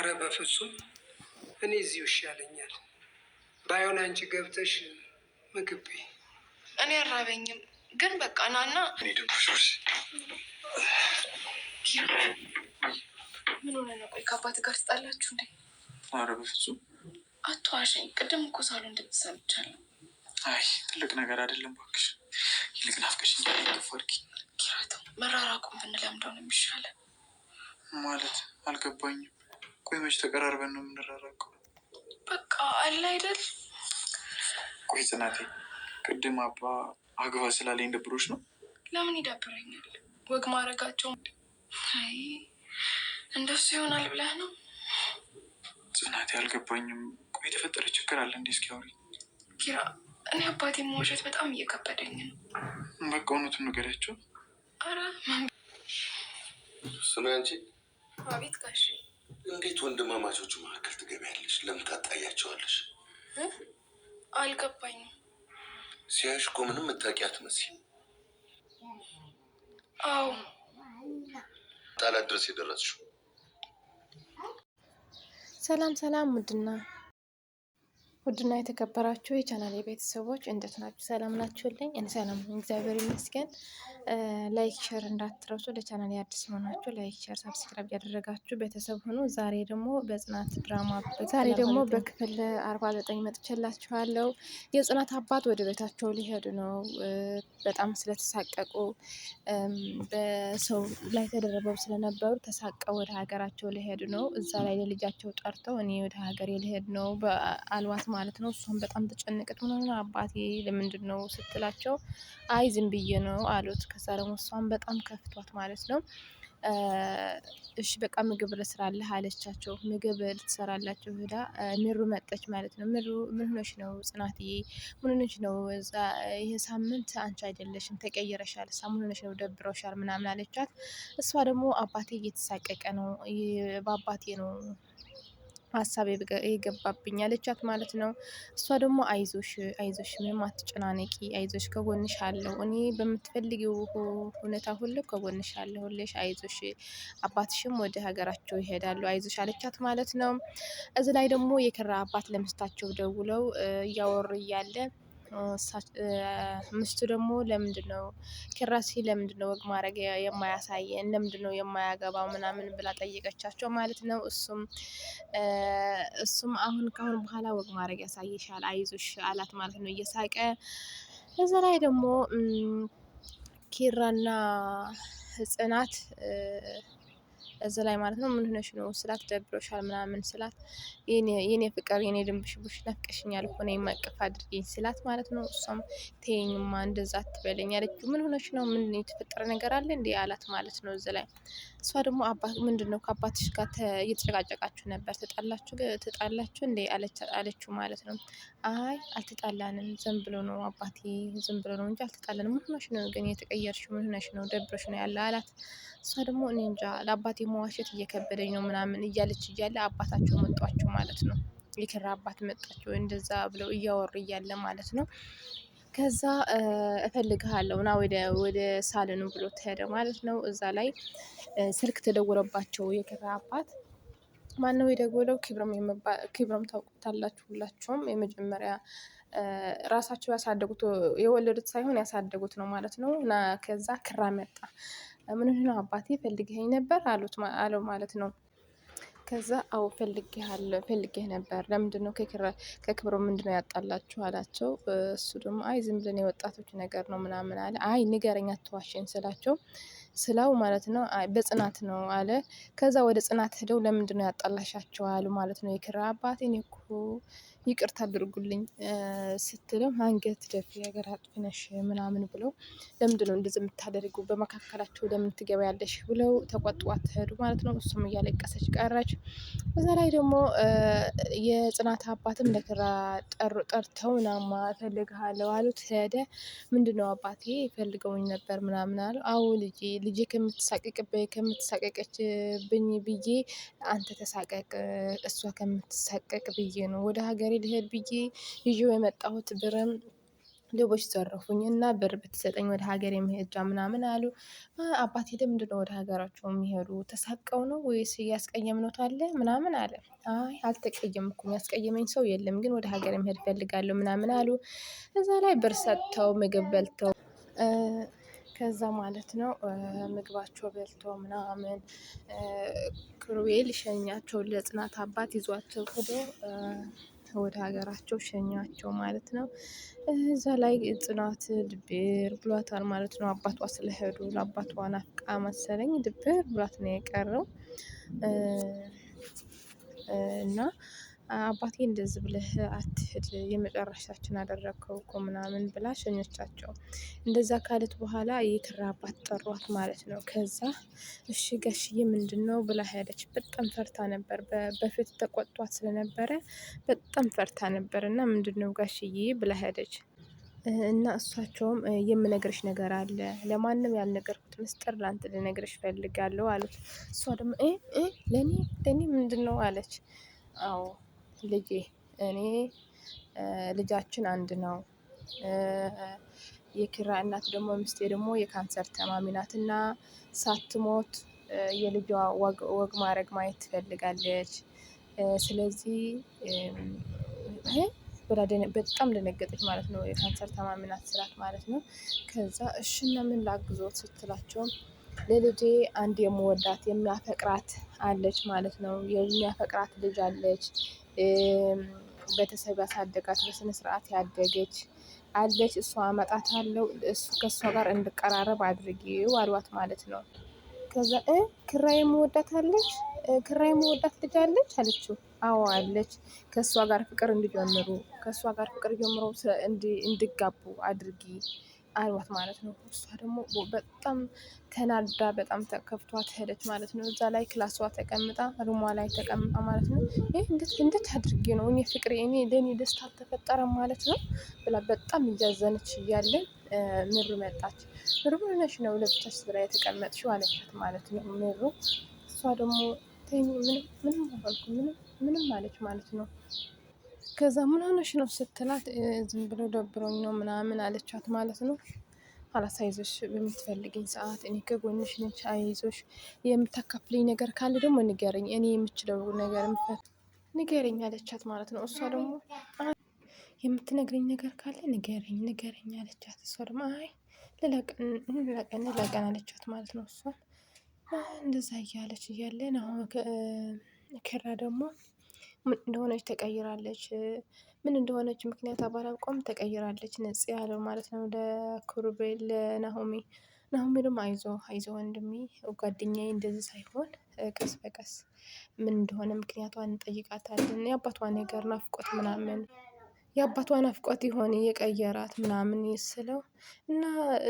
ኧረ በፍጹም እኔ እዚሁ ይሻለኛል። ባይሆን አንቺ ገብተሽ ምግብ እኔ አራበኝም፣ ግን በቃ ናና ምን ሆነ ነው? ቆይ ከአባት ጋር ትጣላችሁ እንዴ? ኧረ በፍጹም አሸኝ፣ ቅድም እኮ ሳሉ ድምፅ ሰምቻለሁ። አይ ትልቅ ነገር አይደለም ባክሽ፣ ይልቅ ናፍቀሽኝ ፈርጊ መራራቁ ብንለምደው ነው የሚሻለው። ማለት አልገባኝም ቆይ መች ተቀራርበን ነው የምንራራቀው? በቃ አለ አይደል? ቆይ ጽናቴ፣ ቅድም አባ አግባ ስላለኝ ደብሮች ነው? ለምን ይደብረኛል? ወግ ማድረጋቸው አይ እንደሱ ይሆናል ብለህ ነው? ጽናቴ፣ አልገባኝም። ቆይ የተፈጠረ ችግር አለ እንዴ? እስኪ ኪራ። እኔ አባቴ መዋሸት በጣም እየከበደኝ ነው። በቃ እውነቱን ንገሪያቸው። አረ ስለ አንቺ አቤት ጋሽ እንዴት ወንድማማቾቹ መካከል ትገቢያለሽ? ለምን ታጣያቸዋለሽ? አልገባኝም። ሲያሽ እኮ ምንም እታውቂያት አው አዎ ጣላት ድረስ የደረስሽው። ሰላም ሰላም፣ ውድና ውድና የተከበራችሁ የቻናል የቤተሰቦች እንዴት ናችሁ? ሰላም ናችሁልኝ? እኔ ሰላም ነኝ፣ እግዚአብሔር ይመስገን። ላይክ ሸር እንዳትረሱ። ለቻናል አዲስ የሆናችሁ ላይክ ሸር፣ ሳብስክራይብ ያደረጋችሁ ቤተሰብ ሆኑ። ዛሬ ደግሞ በጽናት ድራማ ዛሬ ደግሞ በክፍል አርባ ዘጠኝ መጥቼላችኋለሁ። የጽናት አባት ወደ ቤታቸው ሊሄዱ ነው። በጣም ስለተሳቀቁ በሰው ላይ ተደረበው ስለነበሩ ተሳቀው ወደ ሀገራቸው ሊሄዱ ነው። እዛ ላይ ለልጃቸው ጠርተው እኔ ወደ ሀገር ሊሄድ ነው በአልዋት ማለት ነው። እሷም በጣም ተጨነቀች። ሆነ አባቴ ለምንድን ነው ስትላቸው አይ ዝም ብዬ ነው አሉት። ከዛ ደግሞ እሷም በጣም ከፍቷት ማለት ነው። እሺ በቃ ምግብ ልስራለህ አለቻቸው። ምግብ ልትሰራላቸው ሄዳ ምሩ መጠች ማለት ነው። ምሩ ምን ሆነሽ ነው ጽናትዬ? ምን ሆነሽ ነው? ይህ ሳምንት አንቺ አይደለሽም ተቀይረሻል። እሷ ምን ሆነሽ ነው ደብረሻል ምናምን አለቻት። እሷ ደግሞ አባቴ እየተሳቀቀ ነው በአባቴ ነው ሀሳብ የገባብኝ አለቻት ማለት ነው። እሷ ደግሞ አይዞሽ አይዞሽ፣ ምንም አትጨናነቂ፣ አይዞሽ ከጎንሽ አለው እኔ በምትፈልጊው ሁኔታ ሁሉ ከጎንሽ ሁሌሽ፣ አይዞሽ አባትሽም ወደ ሀገራቸው ይሄዳሉ፣ አይዞሽ አለቻት ማለት ነው። እዚ ላይ ደግሞ የክራ አባት ለምስታቸው ደውለው እያወሩ እያለ ምስቱ ደግሞ ለምንድን ነው ኪራሲ ለምንድን ነው ወግ ማድረግ የማያሳየን ለምንድን ነው የማያገባው ምናምን ብላ ጠየቀቻቸው ማለት ነው። እሱም እሱም አሁን ካሁን በኋላ ወግ ማድረግ ያሳይሻል አይዞሽ አላት ማለት ነው እየሳቀ እዛ ላይ ደግሞ ኪራና ህጽናት እዚ ላይ ማለት ነው። ምን ሆነሽ ነው ስላት ደብሮሻል ምናምን ስላት የኔ ፍቅር የኔ ድንብሽቡሽ ናፍቀሽኛል እኮ ነይ ማቀፍ አድርጊኝ ስላት ማለት ነው። እሷም ተይኝማ እንደዛ አትበለኝ አለችው። ምን ሆነሽ ነው? ምን የተፈጠረ ነገር አለ እንዲ አላት ማለት ነው። እዚ ላይ እሷ ደግሞ ምንድን ነው ከአባትሽ ጋር እየተጨቃጨቃችሁ ነበር ተጣላችሁ ተጣላችሁ እንዴ አለችው ማለት ነው። አይ አልተጣላንም፣ ዝም ብሎ ነው አባቴ፣ ዝም ብሎ ነው እንጂ አልተጣላንም። ምን ሆነሽ ነው ግን የተቀየርሽ? ምን ሆነሽ ነው ደብሮሽ ነው ያለ አላት። እሷ ደግሞ እኔ እንጃ ለአባቴ መዋሸት እየከበደኝ ነው ምናምን እያለች እያለ አባታቸው መጧቸው ማለት ነው። የኪራ አባት መጣቸው እንደዛ ብለው እያወሩ እያለ ማለት ነው። ከዛ እፈልግሃለሁ ና ወደ ሳልኑ ብሎ ተሄደ ማለት ነው። እዛ ላይ ስልክ ተደወለባቸው የኪራ አባት ማነው የደወለው? ክብረም ታውቁታላችሁ ሁላችሁም። የመጀመሪያ ራሳቸው ያሳደጉት የወለዱት ሳይሆን ያሳደጉት ነው ማለት ነው። ከዛ ክራ መጣ ምን ሆነ አባቴ ፈልግኸኝ ነበር አሉት አለው ማለት ነው። ከዛ አው ፈልጌሃል ፈልጌህ ነበር ለምንድን ነው ከክብሮ ምንድን ነው ያጣላችሁ አላቸው። እሱ ደግሞ አይ ዝም ብለን የወጣቶች ነገር ነው ምናምን አለ። አይ ንገረኝ አትዋሸኝ ስላቸው ስላው ማለት ነው በጽናት ነው አለ። ከዛ ወደ ጽናት ሄደው ለምንድን ነው ያጣላሻቸው አሉ ማለት ነው። የክራ አባቴ እኔ እኮ ይቅርታ አድርጉልኝ ስትለው አንገት ደፊ ነገር አጥፍነሽ ምናምን ብለው ለምንድን ነው እንደዚህ የምታደርጉ በመካከላቸው ለምን ያለሽ ብለው ተቆጥዋት ትሄዱ ማለት ነው። እሱም እያለቀሰች ቀረች። በዛ ላይ ደግሞ የጽናት አባትም ለክራ ጠርተው ምናማ እፈልግሃለሁ አሉት። ሄደ። ምንድን ነው አባቴ ይፈልገውኝ ነበር ምናምን አለው። አዎ ልጅ ልጄ ከምትሳቀቅብኝ ከምትሳቀቀችብኝ ብዬ አንተ ተሳቀቅ እሷ ከምትሳቀቅ ብዬ ብዬ ነው ወደ ሀገሬ ልሄድ ብዬ ይዤው የመጣሁት ብርም ሌቦች ዘረፉኝ እና ብር ብትሰጠኝ ወደ ሀገር የመሄጃ ምናምን አሉ። አባቴ ለምንድነው ወደ ሀገራቸው የሚሄዱ ተሳቀው ነው ወይስ እያስቀየምነው አለ ምናምን አለ። አይ አልተቀየምኩም፣ ያስቀየመኝ ሰው የለም፣ ግን ወደ ሀገር መሄድ እፈልጋለሁ ምናምን አሉ። እዛ ላይ ብር ሰጥተው ምግብ በልተው ከዛ ማለት ነው ምግባቸው በልተው ምናምን ክሩቤል ሸኛቸው ለጽናት አባት ይዟቸው ሄዶ ወደ ሀገራቸው ሸኛቸው ማለት ነው። እዛ ላይ ጽናት ድብር ብሏታል ማለት ነው። አባቷ ስለሄዱ ለአባቷ ናፍቃ መሰለኝ ድብር ብሏት ነው የቀረው እና አባቴ እንደዚህ ብለህ አትሄድ፣ የመጨረሻችን አደረግከው እኮ ምናምን ብላ ሸኞቻቸው። እንደዛ ካለት በኋላ የክራ አባት ጠሯት ማለት ነው። ከዛ እሺ ጋሽዬ ምንድን ነው ብላ ሄደች። በጣም ፈርታ ነበር። በፊት ተቆጧት ስለነበረ በጣም ፈርታ ነበር እና ምንድን ነው ጋሽዬ ብላ ሄደች። እና እሷቸውም የምነግርሽ ነገር አለ፣ ለማንም ያልነገርኩት ምስጢር ለአንተ ልነግርሽ ፈልጋለሁ አሉት። እሷ ደግሞ ለእኔ ለእኔ ምንድን ነው አለች። አዎ ልጄ እኔ ልጃችን አንድ ነው። የኪራ እናት ደግሞ ሚስቴ ደግሞ የካንሰር ተማሚ ናትና ሳትሞት የልጇ ወግ ማድረግ ማየት ትፈልጋለች። ስለዚህ በጣም ደነገጠች ማለት ነው። የካንሰር ተማሚ ናት ስላት ማለት ነው። ከዛ እሺ እና ምን ላግዞት ስትላቸውም ለልጄ አንድ የምወዳት የሚያፈቅራት አለች ማለት ነው። የሚያፈቅራት ልጅ አለች። ቤተሰብ ያሳደጋት በስነ ስርዓት ያደገች አለች። እሷ አለው እሱ ከእሷ ጋር እንድቀራረብ አድርጊው አሏት ማለት ነው። ከዛ ክራይ መወዳት አለች ክራይ መወዳት ልጅ አለች አለችው። አዎ አለች። ከእሷ ጋር ፍቅር እንዲጀምሩ ከእሷ ጋር ፍቅር ጀምረው እንዲጋቡ አድርጊ አልዋት ማለት ነው። እሷ ደግሞ በጣም ተናዳ በጣም ተከፍቷት ሄደች ማለት ነው። እዛ ላይ ክላሷ ተቀምጣ ሩሟ ላይ ተቀምጣ ማለት ነው። ይህ እንዴት አድርጌ ነው እኔ ፍቅሬ እኔ ለእኔ ደስታ አልተፈጠረም ማለት ነው ብላ በጣም እያዘነች እያለ ምሩ መጣች። ምሩ ነሽ ነው ለብቻሽ ብላ የተቀመጥሽው አለቻት ማለት ነው። ምሩ እሷ ደግሞ ምንም አልኩ ምንም ምንም አለች ማለት ነው። ከዛ ምን ሆነሽ ነው ስትላት ዝም ብሎ ደብሮኝ ነው ምናምን አለቻት ማለት ነው። ኋላስ አይዞሽ በምትፈልግኝ ሰዓት እኔ ከጎንሽ ነች። አይዞሽ የምታካፍልኝ ነገር ካለ ደግሞ ንገርኝ፣ እኔ የምችለው ነገር ንገርኝ አለቻት ማለት ነው። እሷ ደግሞ የምትነግርኝ ነገር ካለ ንገርኝ ንገርኝ አለቻት። እሷ ደግሞ አይ ልለቀን ልለቀን አለቻት ማለት ነው። እሷ እንደዛ እያለች እያለን አሁን ከራ ደግሞ ምን እንደሆነች ተቀይራለች። ምን እንደሆነች ምክንያት ባላውቀውም ተቀይራለች። ነጽ ያለው ማለት ነው ለክሩቤል ለናሆሚ። ናሆሜ ደግሞ አይዞ አይዞ ወንድሜ ጓደኛዬ እንደዚህ ሳይሆን ቀስ በቀስ ምን እንደሆነ ምክንያቷን እንጠይቃታለን። የአባቷ ነገር ናፍቆት ምናምን የአባቷ ናፍቆት የሆነ የቀየራት ምናምን ስለው እና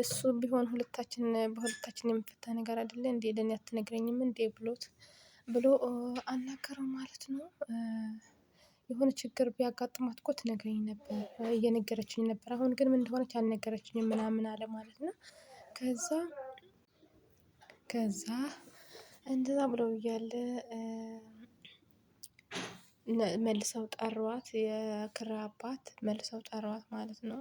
እሱ ቢሆን ሁለታችን በሁለታችን የምፈታ ነገር አይደለ እንዴ ለእኔ አትነግረኝም እንዴ ብሎት ብሎ አልነገረው ማለት ነው። የሆነ ችግር ቢያጋጥማት እኮ ትነግረኝ ነበር እየነገረችኝ ነበር። አሁን ግን ምን እንደሆነች አልነገረችኝም ምናምን አለ ማለት ነው። ከዛ ከዛ እንደዛ ብለው እያለ መልሰው ጠሯት። የክራ አባት መልሰው ጠሯት ማለት ነው።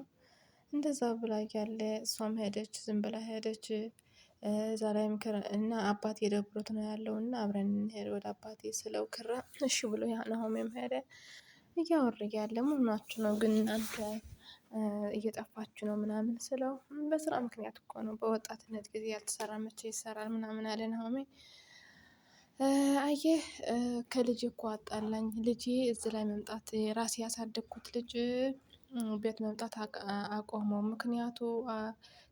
እንደዛ ብላ እያለ እሷም ሄደች፣ ዝም ብላ ሄደች። እዛ ላይም ክራ እና አባቴ ደብሮት ነው ያለው እና አብረን እንሄድ ወደ አባቴ ስለው ክራ እሺ ብሎ ናሆሜም ሄደ። እያወር ያለ ምናችሁ ነው ግን እናንተ እየጠፋችሁ ነው ምናምን ስለው በስራ ምክንያት እኮ ነው በወጣትነት ጊዜ ያልተሰራ መቼ ይሰራል ምናምን አለ ናሆሜ። አየህ ከልጅ እኮ አጣላኝ ልጅ እዚህ ላይ መምጣት ራሴ ያሳደግኩት ልጅ ቤት መምጣት አቆመው ምክንያቱ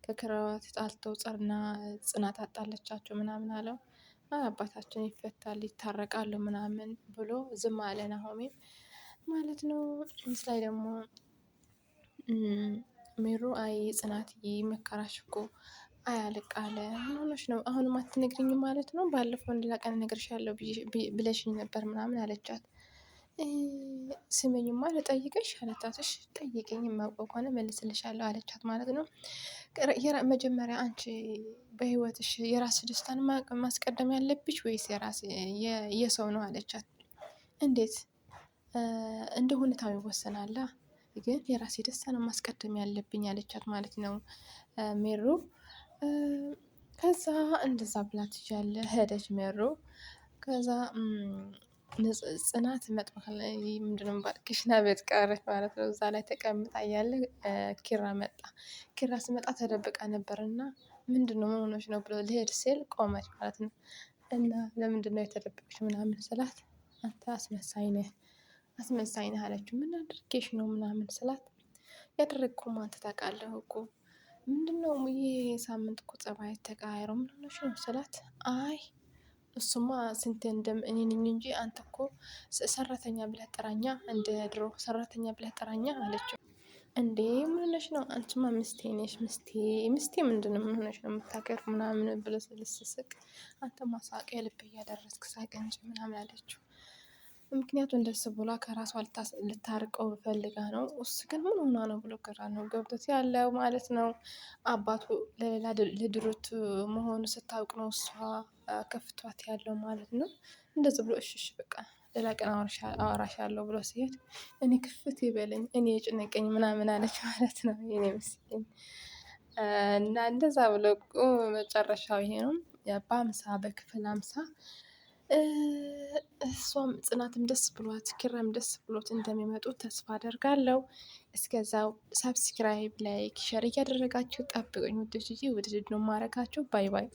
ከክራዋት ጣልተው ጸርና ጽናት አጣለቻቸው ምናምን አለው። አባታችን ይፈታል ይታረቃሉ ምናምን ብሎ ዝም አለ ናሆሜም ማለት ነው። ምስ ላይ ደግሞ ሜሩ አይ ጽናትዬ መከራሽ እኮ አያልቅ ምን ሆነሽ ነው አሁንም አትነግሪኝም ማለት ነው? ባለፈው ሌላ ቀን እነግርሻለሁ ብለሽኝ ነበር ምናምን አለቻት። ስምኝማ ልጠይቅሽ አለቻት። እሺ ጠይቅኝ የማውቀው ከሆነ መልስልሻለሁ አለቻት ማለት ነው። መጀመሪያ አንቺ በህይወትሽ የራስ ደስታን ማስቀደም ያለብሽ ወይስ የራስ የሰው ነው አለቻት። እንዴት እንደ ሁኔታው ይወሰናላ ግን የራሴ ደስታ ነው ማስቀደም ያለብኝ አለቻት ማለት ነው ሜሮ። ከዛ እንደዛ ብላ ትጃለ ሄደች ሜሮ ከዛ ጽናት መጥበቅ ላይ ምንድነው ክሽና ቤት ቀረች ማለት ነው። እዛ ላይ ተቀምጣ እያለ ኪራ መጣ። ኪራ ስመጣ ተደብቃ ነበር እና ምንድነው ምን ሆነች ነው ብሎ ልሄድ ሲል ቆመች ማለት ነው። እና ለምንድነው የተደበቅሽ ምናምን ስላት አንተ አስመሳይ ነህ አስመሳይ ነህ አለችው። ምን አድርጌሽ ነው ምናምን ስላት ያደረግኩህን አንተ ታውቃለህ እኮ ምንድነው ይህ ሳምንት እኮ ጸባይ ተቀያይሮ ምን ሆነሽ ነው ስላት አይ እሱማ ስንት እንደም እኔ ነኝ እንጂ አንተ እኮ ሰራተኛ ብለህ ጥራኛ፣ እንደ ድሮ ሰራተኛ ብለህ ጥራኛ አለችው። እንዴ ምን ሆነሽ ነው? አንቺማ ምስቴ ነሽ። ምስቴ ምስቴ ምንድን ምን ሆነሽ ነው የምታገር ምናምን ብሎ ስልስስቅ፣ አንተማ ሳቅ ልብ እያደረስክ ሳቅ እንጂ ምናምን አለችው። ምክንያቱ እንደስ ብላ ከራሷ ልታርቀው ፈልጋ ነው። እሱ ግን ምን ሆና ነው ብሎ ግራ ነው ገብቶት ያለው ማለት ነው። አባቱ ለሌላ ልድሮት መሆኑ ስታውቅ ነው እሷ ከፍቷት ያለው ማለት ነው። እንደዚ ብሎ እሽሽ በቃ ሌላ ቀን አወራሻለሁ ብሎ ሲሄድ እኔ ክፍት ይበለኝ እኔ የጭነቀኝ ምናምን አለች ማለት ነው። የኔ ምስኪን እና እንደዛ ብሎ መጨረሻው ይሄ ነው። በአምሳ በክፍል አምሳ እሷም ጽናትም ደስ ብሏት ኪራም ደስ ብሎት እንደሚመጡ ተስፋ አደርጋለሁ። እስከዛው ሰብስክራይብ፣ ላይክ፣ ሸር እያደረጋችሁ ጠብቁኝ። ውድ ውድድር ነው ማረጋችሁ። ባይ ባይ